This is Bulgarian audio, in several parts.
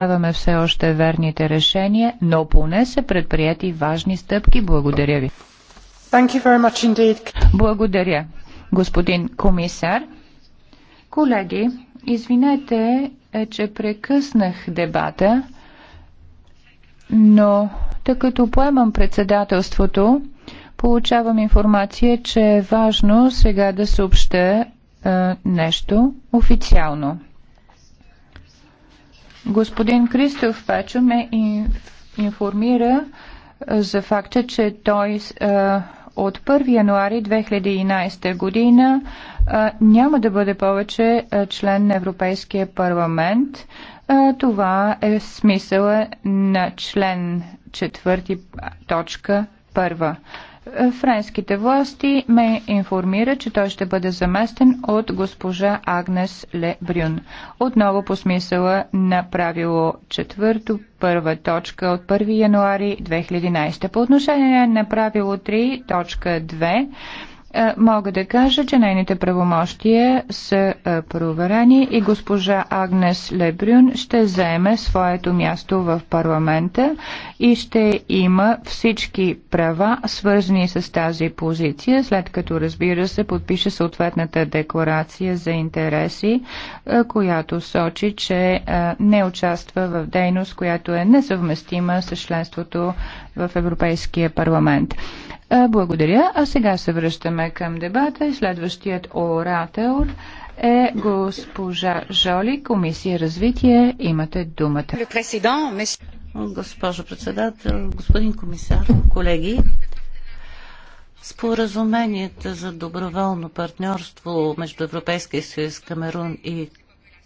Даваме все още верните решения, но поне са предприяти важни стъпки. Благодаря ви. Благодаря, господин комисар. Колеги, извинете, е, че прекъснах дебата, но тъй като поемам председателството, получавам информация, че е важно сега да съобща е, нещо официално. Господин Кристоф Пачо ме информира за факта, че той от 1 януари 2011 година няма да бъде повече член на Европейския парламент. Това е смисъла на член 4 точка 1. Френските власти ме информира, че той ще бъде заместен от госпожа Агнес Ле Брюн. Отново по смисъла на правило четвърто, първа точка от 1 януари 2011. По отношение на правило 3, точка 2, е, мога да кажа, че нейните правомощия са е, проверени и госпожа Агнес Лебрюн ще заеме своето място в парламента и ще има всички права, свързани с тази позиция, след като разбира се подпише съответната декларация за интереси, е, която сочи, че не участва в дейност, която е несъвместима с членството в Европейския парламент. Е, благодаря. А сега се връщаме към дебата. Следващият оратор е госпожа Жоли, Комисия развитие. Имате думата. Госпожо председател, господин комисар, колеги, Споразуменията за доброволно партньорство между Европейския съюз, Камерун и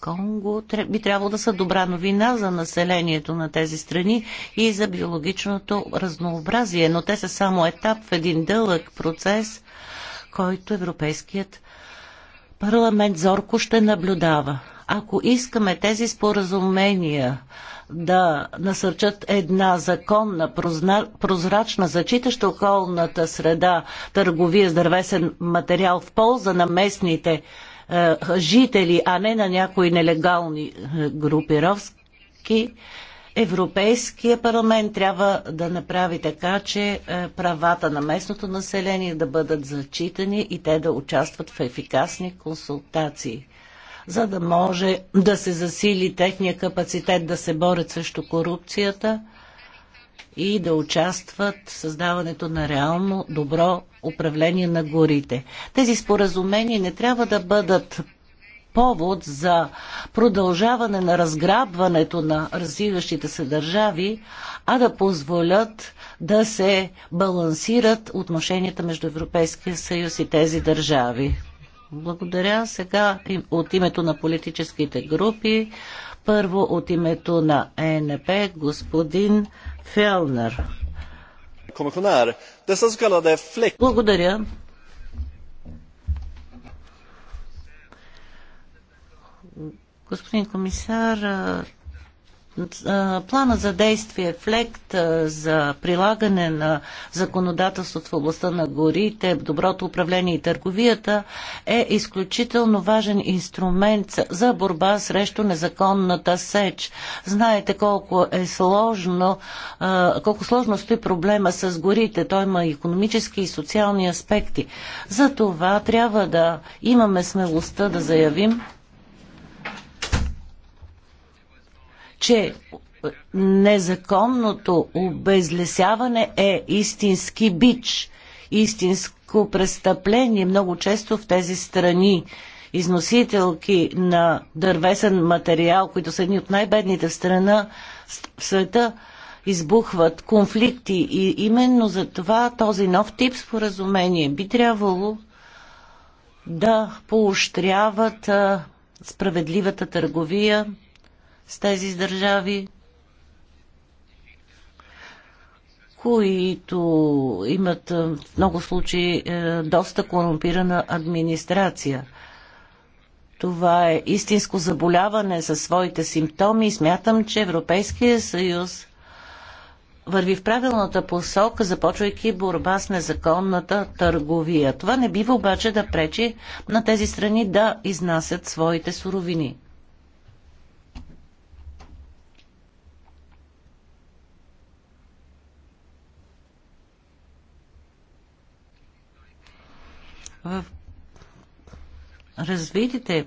Конго би трябвало да са добра новина за населението на тези страни и за биологичното разнообразие, но те са само етап в един дълъг процес, който Европейският парламент зорко ще наблюдава. Ако искаме тези споразумения да насърчат една законна, прозрачна, зачитаща околната среда търговия с дървесен материал в полза на местните е, жители, а не на някои нелегални е, групировки, Европейския парламент трябва да направи така, че е, правата на местното население да бъдат зачитани и те да участват в ефикасни консултации, за да може да се засили техния капацитет да се борят срещу корупцията и да участват в създаването на реално добро управление на горите. Тези споразумения не трябва да бъдат повод за продължаване на разграбването на развиващите се държави, а да позволят да се балансират отношенията между Европейския съюз и тези държави. Благодаря сега от името на политическите групи. Първо от името на ЕНП господин Фелнер. Комисионер, dessa så kallade флек. Благодаря. Господин комисар, Плана за действие ФЛЕКТ за прилагане на законодателството в областта на горите, доброто управление и търговията е изключително важен инструмент за борба срещу незаконната сеч. Знаете колко е сложно, колко сложно стои проблема с горите. Той има економически и социални аспекти. За това трябва да имаме смелостта да заявим, че незаконното обезлесяване е истински бич, истинско престъпление много често в тези страни. Износителки на дървесен материал, които са едни от най-бедните в страна, в света, избухват конфликти и именно за това този нов тип споразумение би трябвало да поощряват справедливата търговия с тези държави, които имат в много случаи е, доста корумпирана администрация. Това е истинско заболяване със своите симптоми и смятам, че Европейския съюз върви в правилната посока, започвайки борба с незаконната търговия. Това не бива обаче да пречи на тези страни да изнасят своите суровини. В развитите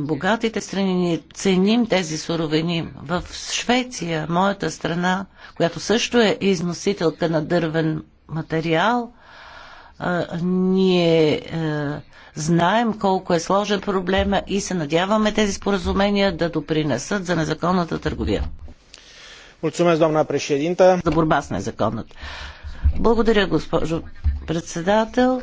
богатите страни ни ценим тези суровини. В Швеция, моята страна, която също е износителка на дървен материал, ние знаем колко е сложен проблема и се надяваме тези споразумения да допринесат за незаконната търговия. За борба с незаконната. Благодаря, госпожо председател.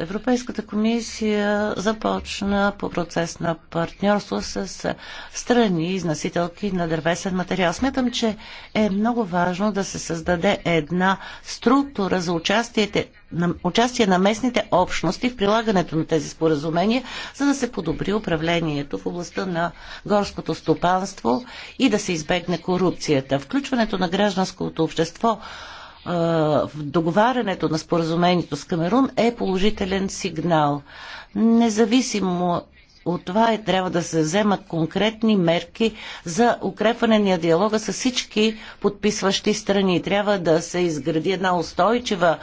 Европейската комисия започна по процес на партньорство с страни изнасителки на дървесен материал. Смятам, че е много важно да се създаде една структура за участие на, участие на местните общности в прилагането на тези споразумения, за да се подобри управлението в областта на горското стопанство и да се избегне корупцията. Включването на гражданското общество в договарянето на споразумението с Камерун е положителен сигнал. Независимо от това е, трябва да се вземат конкретни мерки за укрепване на диалога с всички подписващи страни. Трябва да се изгради една устойчива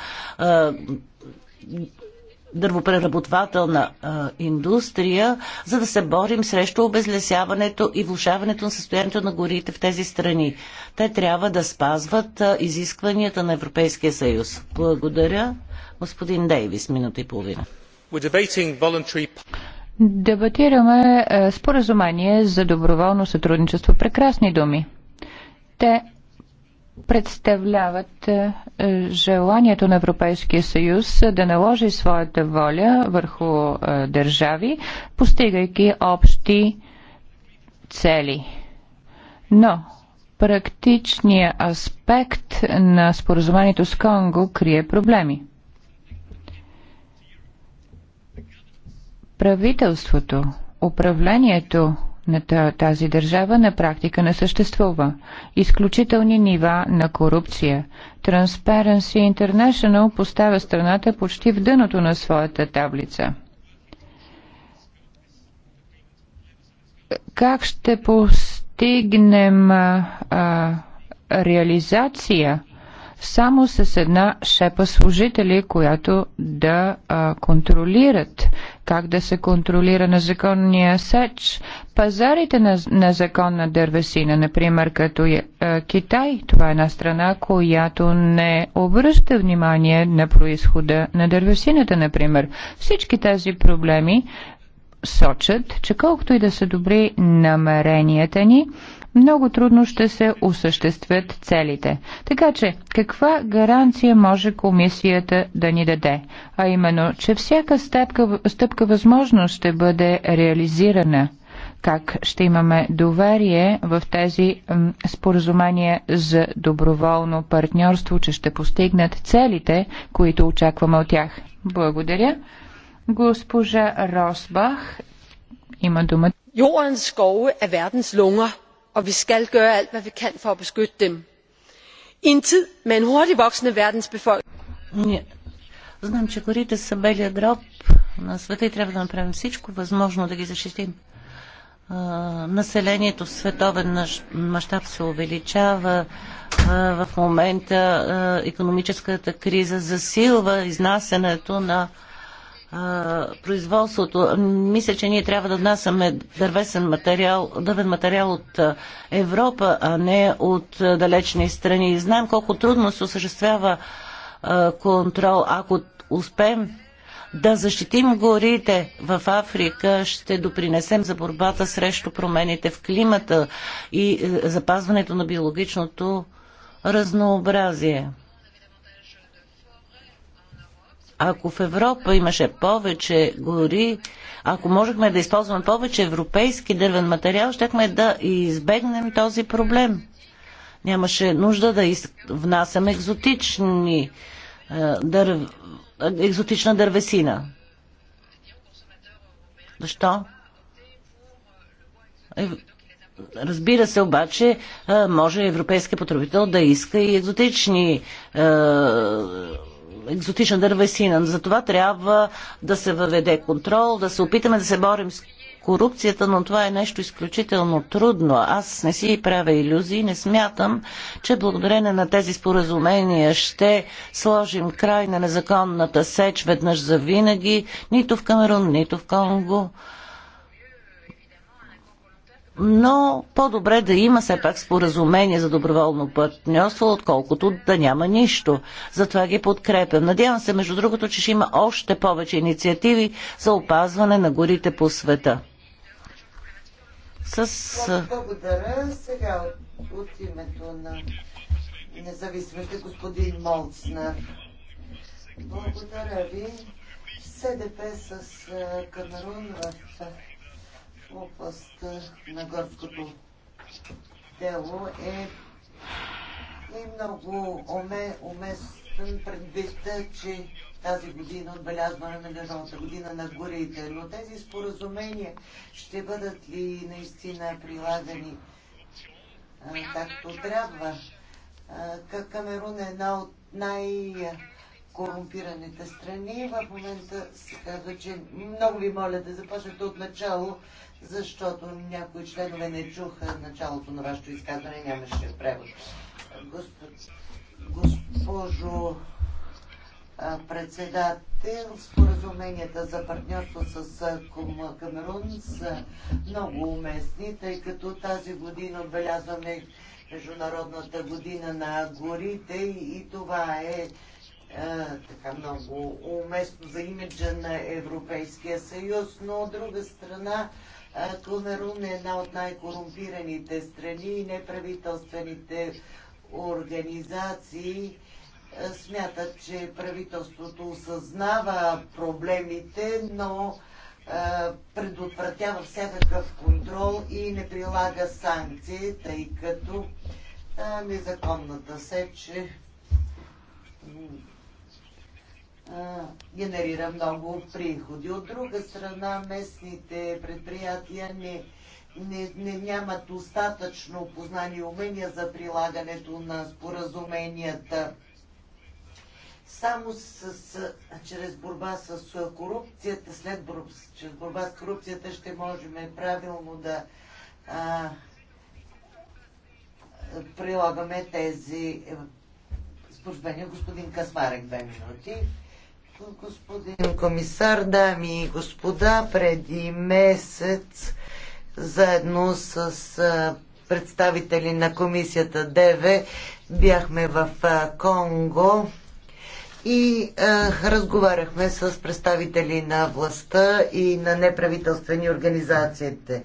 дървопреработвателна а, индустрия, за да се борим срещу обезлесяването и влушаването на състоянието на горите в тези страни. Те трябва да спазват а, изискванията на Европейския съюз. Благодаря. Господин Дейвис, минута и половина. Дебатираме е, споразумение за доброволно сътрудничество. Прекрасни думи. Те представляват е, е, желанието на Европейския съюз да наложи своята воля върху е, държави, постигайки общи цели. Но практичният аспект на споразумението с Конго крие проблеми. Правителството, управлението на тази държава на практика не съществува. Изключителни нива на корупция. Transparency International поставя страната почти в дъното на своята таблица. Как ще постигнем а, реализация само с една шепа служители, която да а, контролират как да се контролира незаконния сеч. Пазарите на незаконна дървесина, например като е, Китай, това е една страна, която не обръща внимание на происхода на дървесината, например. Всички тези проблеми сочат, че колкото и да са добри намеренията ни, много трудно ще се осъществят целите. Така че, каква гаранция може комисията да ни даде? А именно, че всяка стъпка, стъпка възможно ще бъде реализирана как ще имаме доверие в тези споразумения за доброволно партньорство, че ще постигнат целите, които очакваме от тях. Благодаря. Госпожа Росбах има думата. Jordens skove er verdens lunger og vi skal gøre alt hvad vi kan for at beskytte dem i en tid med en hurtigt voksende verdensbefolkning. Знам, че горите са белия гроб на света и трябва да направим всичко възможно да ги защитим. А, населението в световен мащаб се увеличава. А, в момента а, економическата криза засилва изнасянето на а, производството. Мисля, че ние трябва да внасяме дървесен материал, дървен материал от Европа, а не от далечни страни. Знаем колко трудно се осъществява контрол. Ако успеем да защитим горите в Африка, ще допринесем за борбата срещу промените в климата и е, запазването на биологичното разнообразие. Ако в Европа имаше повече гори, ако можехме да използваме повече европейски дървен материал, щехме да избегнем този проблем. Нямаше нужда да из... внасяме екзотични, е, дърв... екзотична дървесина. Защо? Е, разбира се, обаче, е, може европейския потребител да иска и екзотични е, екзотична дървесина. Затова трябва да се въведе контрол, да се опитаме да се борим с корупцията, но това е нещо изключително трудно. Аз не си правя иллюзии, не смятам, че благодарение на тези споразумения ще сложим край на незаконната сеч веднъж за винаги, нито в Камерун, нито в Конго но по-добре да има все пак споразумение за доброволно партньорство, отколкото да няма нищо. Затова ги подкрепям. Надявам се, между другото, че ще има още повече инициативи за опазване на горите по света. С... Благодаря. Сега от името на независимите господин Молцнер. Благодаря ви. СДП с Камерун в областта на горското дело е, и много уме, уместен предвид, че тази година отбелязване на Международната година на горите. Но тези споразумения ще бъдат ли наистина прилагани а, както трябва? А, Камерун е една от най- корумпираните страни. В момента се казва, че много ви моля да започнете от начало, защото някои членове не чуха началото на вашето изказване, нямаше превод. Госпожо председател, споразуменията за партньорство с Камерун са много уместни, тъй като тази година отбелязваме Международната година на горите и това е така много уместно за имиджа на Европейския съюз, но от друга страна Камерун е една от най-корумпираните страни и неправителствените организации смятат, че правителството осъзнава проблемите, но предотвратява всякакъв контрол и не прилага санкции, тъй като незаконната сече генерира много приходи. От друга страна, местните предприятия не, не, не нямат достатъчно познание и умения за прилагането на споразуменията. Само с, с, чрез борба с корупцията, след борба, чрез борба с корупцията ще можем правилно да а, прилагаме тези споразумения. Господин Касмарек, две минути господин комисар, дами и господа, преди месец заедно с представители на комисията ДВ бяхме в Конго и а, разговаряхме с представители на властта и на неправителствени организациите.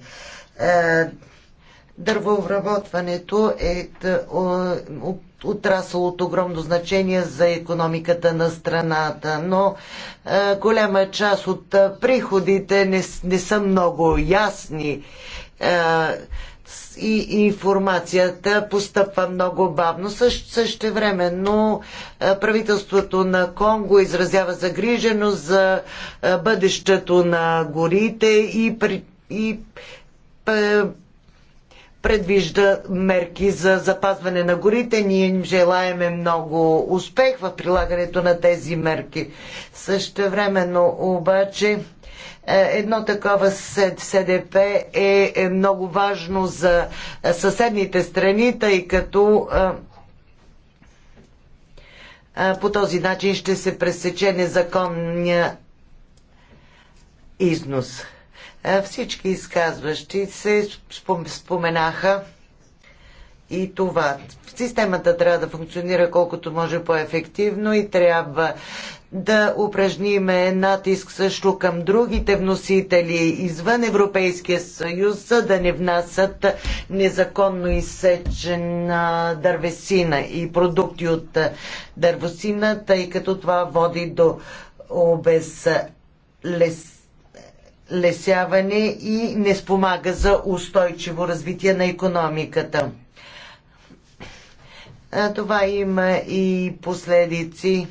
А, е, дървообработването е, е отрасъл от огромно значение за економиката на страната, но е, голяма част от е, приходите не, не са много ясни. Е, и информацията постъпва много бавно. Също, също време, но е, правителството на Конго изразява загриженост за е, бъдещето на горите и, при, и предвижда мерки за запазване на горите. Ние им желаеме много успех в прилагането на тези мерки. времено обаче е, едно такова СДП е, е много важно за съседните страни, тъй като е, по този начин ще се пресече незаконния износ. Всички изказващи се споменаха и това. Системата трябва да функционира колкото може по-ефективно и трябва да упражниме натиск също към другите вносители извън Европейския съюз, за да не внасят незаконно изсечена дървесина и продукти от дървесина, тъй като това води до обезлесяване лесяване и не спомага за устойчиво развитие на економиката. А това има и последици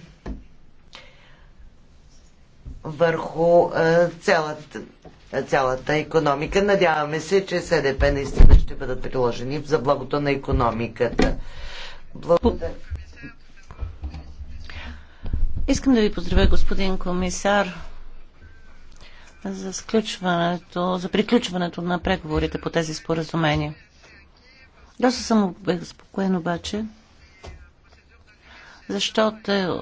върху а, цялата, цялата економика. Надяваме се, че СДП наистина ще бъдат приложени за благото на економиката. Благодаря. Искам да ви поздравя, господин комисар за сключването, за приключването на преговорите по тези споразумения. Доста съм обезпокоен обаче, защото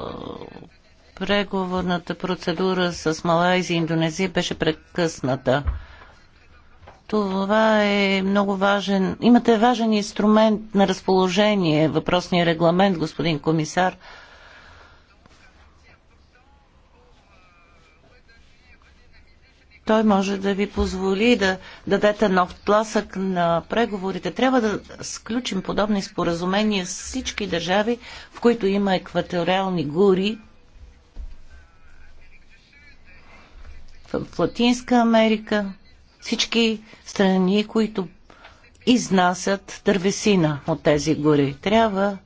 преговорната процедура с Малайзия и Индонезия беше прекъсната. Това е много важен. Имате важен инструмент на разположение, въпросния регламент, господин комисар. той може да ви позволи да дадете нов тласък на преговорите. Трябва да сключим подобни споразумения с всички държави, в които има екваториални гори. В Латинска Америка всички страни, които изнасят дървесина от тези гори. Трябва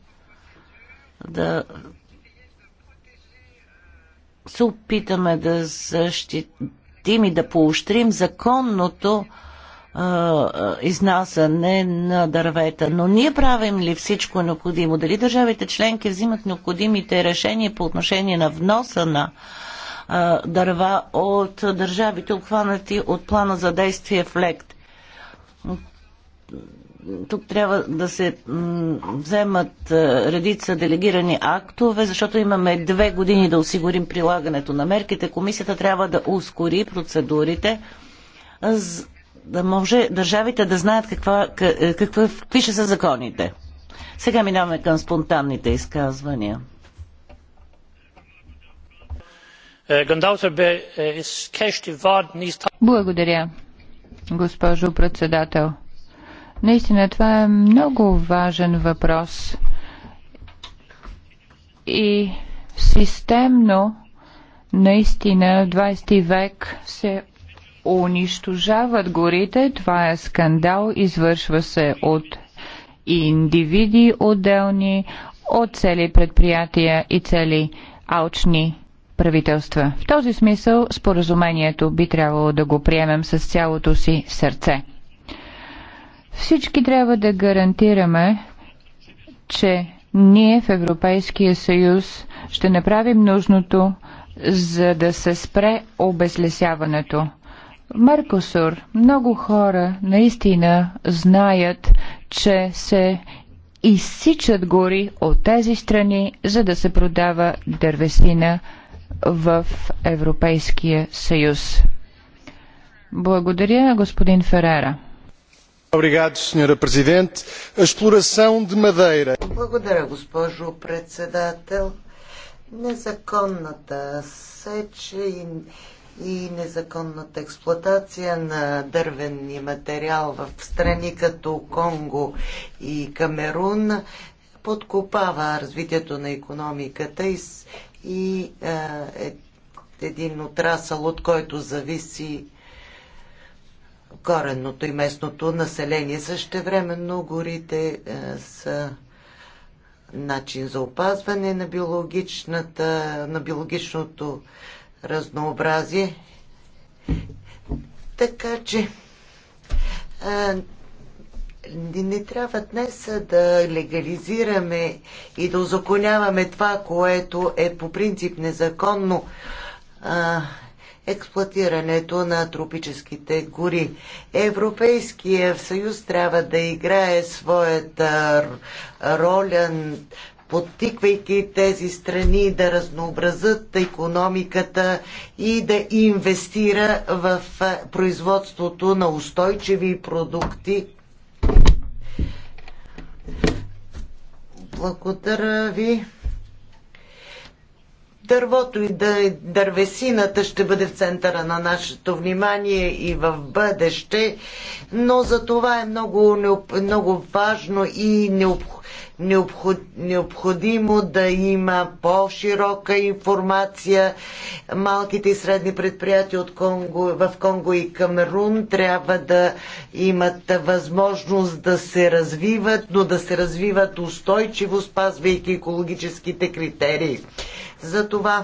да се опитаме да защитим защитим и да поощрим законното изнасяне на дървета. Но ние правим ли всичко необходимо? Дали държавите членки взимат необходимите решения по отношение на вноса на а, дърва от държавите, обхванати от плана за действие в ЛЕКТ? тук трябва да се вземат е, редица делегирани актове, защото имаме две години да осигурим прилагането на мерките. Комисията трябва да ускори процедурите, да може държавите да знаят каква, е, каква, какви ще са законите. Сега минаваме към спонтанните изказвания. Е, Благодаря, госпожо председател. Наистина, това е много важен въпрос. И системно, наистина, 20 век се унищожават горите. Това е скандал, извършва се от индивиди отделни, от цели предприятия и цели алчни правителства. В този смисъл споразумението би трябвало да го приемем с цялото си сърце. Всички трябва да гарантираме, че ние в Европейския съюз ще направим нужното, за да се спре обезлесяването. Меркосур, много хора наистина знаят, че се изсичат гори от тези страни, за да се продава дървесина в Европейския съюз. Благодаря, господин Ферера. Благодаря, госпожо председател. Незаконната сеч и, и незаконната експлоатация на дървен материал в страни като Конго и Камерун подкопава развитието на економиката и, и е, е, един отрасъл, от който зависи коренното и местното население. също времено горите е, са начин за опазване на, биологичната, на биологичното разнообразие. Така че а, е, не, не трябва днес да легализираме и да озаконяваме това, което е по принцип незаконно. А, е, експлуатирането на тропическите гори. Европейския съюз трябва да играе своята роля подтиквайки тези страни да разнообразят економиката и да инвестира в производството на устойчиви продукти. Благодаря ви дървото и да, е дървесината ще бъде в центъра на нашето внимание и в бъдеще, но за това е много, много важно и необходимо да има по-широка информация. Малките и средни предприятия от Конго, в Конго и Камерун трябва да имат възможност да се развиват, но да се развиват устойчиво, спазвайки екологическите критерии. Затова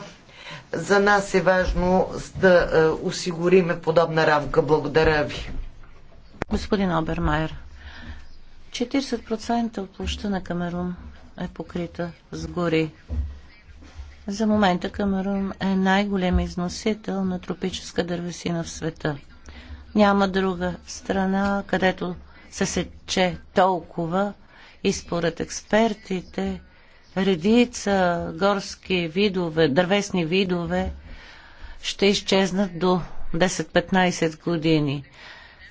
за нас е важно да е, осигуриме подобна рамка. Благодаря ви. Господин Обермайер, 40% от площа на Камерун е покрита с гори. За момента Камерун е най големи износител на тропическа дървесина в света. Няма друга страна, където се сече толкова и според експертите редица горски видове, дървесни видове ще изчезнат до 10-15 години.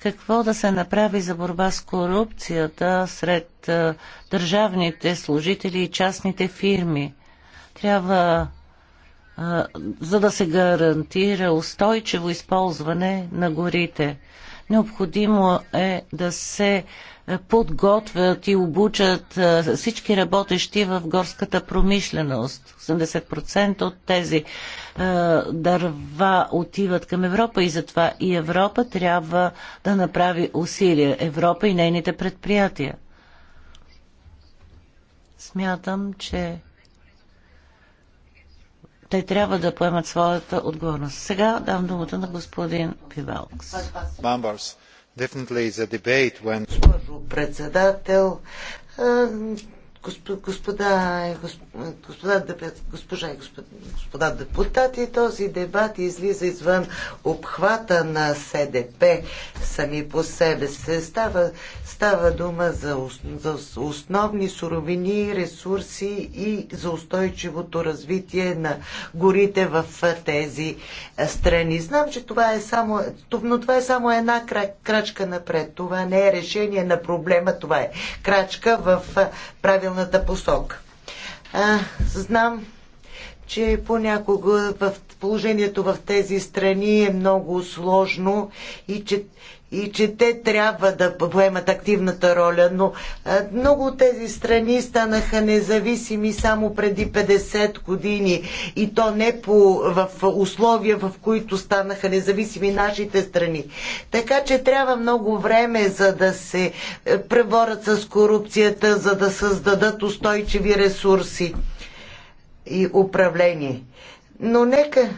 Какво да се направи за борба с корупцията сред държавните служители и частните фирми? Трябва за да се гарантира устойчиво използване на горите. Необходимо е да се подготвят и обучат всички работещи в горската промишленост. 80% от тези дърва отиват към Европа и затова и Европа трябва да направи усилия. Европа и нейните предприятия. Смятам, че те трябва да поемат своята отговорност. Сега дам думата на господин Пивалкс. Госпожо председател, господа, господа, госпожа и господа, господа депутати, този дебат излиза извън обхвата на СДП сами по себе се. Става, става дума за, за основни суровини, ресурси и за устойчивото развитие на горите в тези е, страни. Знам, че това е само, но това е само една крачка напред. Това не е решение на проблема, това е крачка в е, правилната правилната посока. А, знам, че понякога в положението в тези страни е много сложно и че, и че те трябва да поемат активната роля, но много от тези страни станаха независими само преди 50 години и то не по, в условия, в които станаха независими нашите страни. Така че трябва много време за да се е, преборят с корупцията, за да създадат устойчиви ресурси и управление. Но нека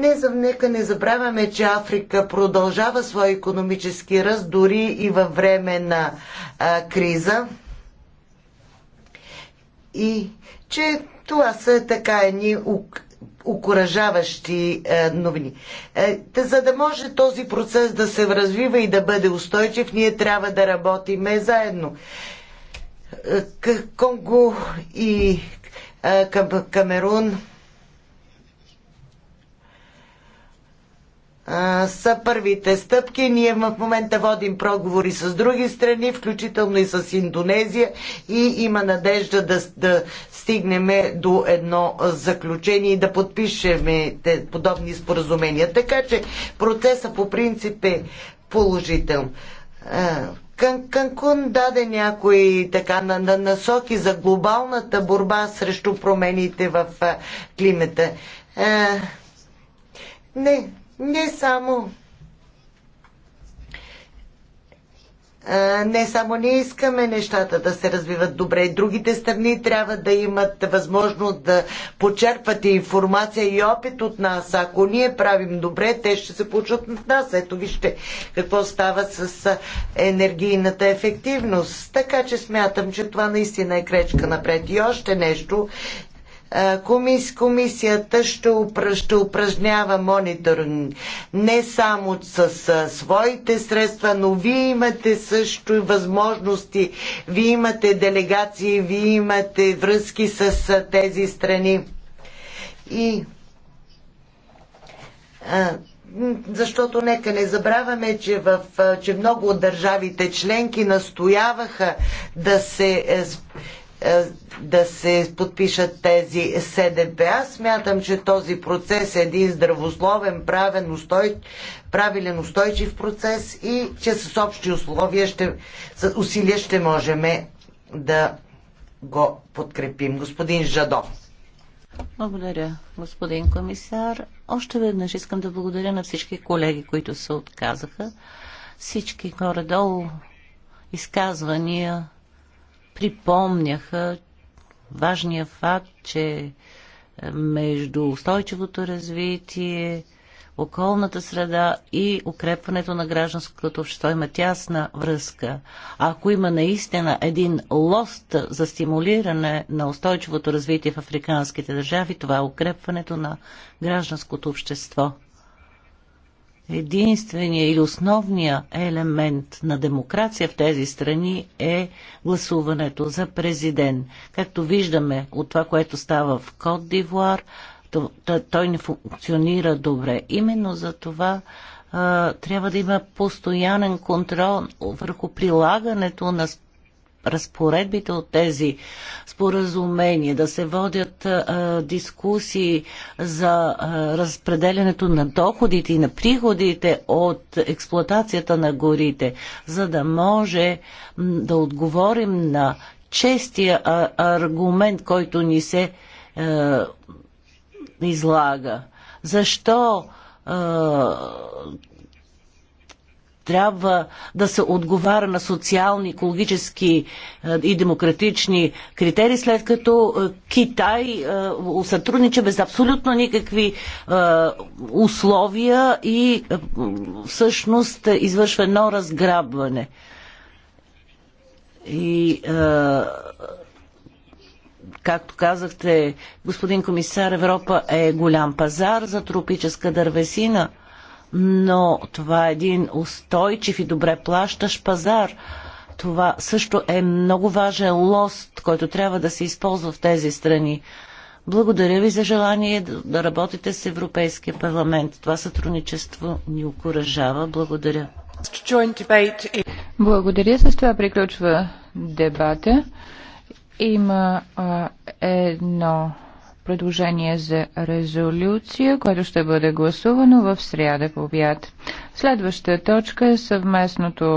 не, нека не забравяме, че Африка продължава своя економически ръст дори и във време на а, криза. И че това са така едни окоръжаващи е, новини. Е, за да може този процес да се развива и да бъде устойчив, ние трябва да работиме заедно. Е, Конго и Камерун са първите стъпки. Ние в момента водим проговори с други страни, включително и с Индонезия и има надежда да, да стигнем до едно заключение и да подпишем подобни споразумения. Така че процеса по принцип е положител. Кан, Канкун даде някои така на, на насоки за глобалната борба срещу промените в климата. не, не само не само не искаме нещата да се развиват добре, и другите страни трябва да имат възможност да почерпат информация и опит от нас. Ако ние правим добре, те ще се получат от нас. Ето вижте какво става с енергийната ефективност. Така че смятам, че това наистина е кречка напред. И още нещо. Комис, комисията ще, ще упражнява мониторинг не само с, с своите средства, но вие имате също и възможности, вие имате делегации, вие имате връзки с, с тези страни. И а, защото нека не забравяме, че, в, че много от държавите членки настояваха да се е, е, да се подпишат тези СДП. Аз смятам, че този процес е един здравословен, правен, устой, правилен, устойчив процес и че с общи условия ще, с усилия ще можем да го подкрепим. Господин Жадо. Благодаря, господин комисар. Още веднъж искам да благодаря на всички колеги, които се отказаха. Всички горе-долу изказвания припомняха важния факт, че е, между устойчивото развитие, околната среда и укрепването на гражданското общество има тясна връзка. А ако има наистина един лост за стимулиране на устойчивото развитие в африканските държави, това е укрепването на гражданското общество единствения или основния елемент на демокрация в тези страни е гласуването за президент. Както виждаме от това, което става в Кот Дивуар, той не функционира добре. Именно за това трябва да има постоянен контрол върху прилагането на разпоредбите от тези споразумения, да се водят а, дискусии за а, разпределянето на доходите и на приходите от експлоатацията на горите, за да може да отговорим на честия а, аргумент, който ни се а, излага. Защо а, трябва да се отговаря на социални, екологически е, и демократични критерии, след като е, Китай е, сътрудничи без абсолютно никакви условия и всъщност извършва едно разграбване. И както казахте, господин комисар, Европа е голям пазар за тропическа дървесина – но това е един устойчив и добре плащащ пазар. Това също е много важен лост, който трябва да се използва в тези страни. Благодаря ви за желание да работите с Европейския парламент. Това сътрудничество ни окоръжава. Благодаря. Благодаря. С това приключва дебата. Има а, едно предложение за резолюция, което ще бъде гласувано в сряда по обяд. Следваща точка е съвместното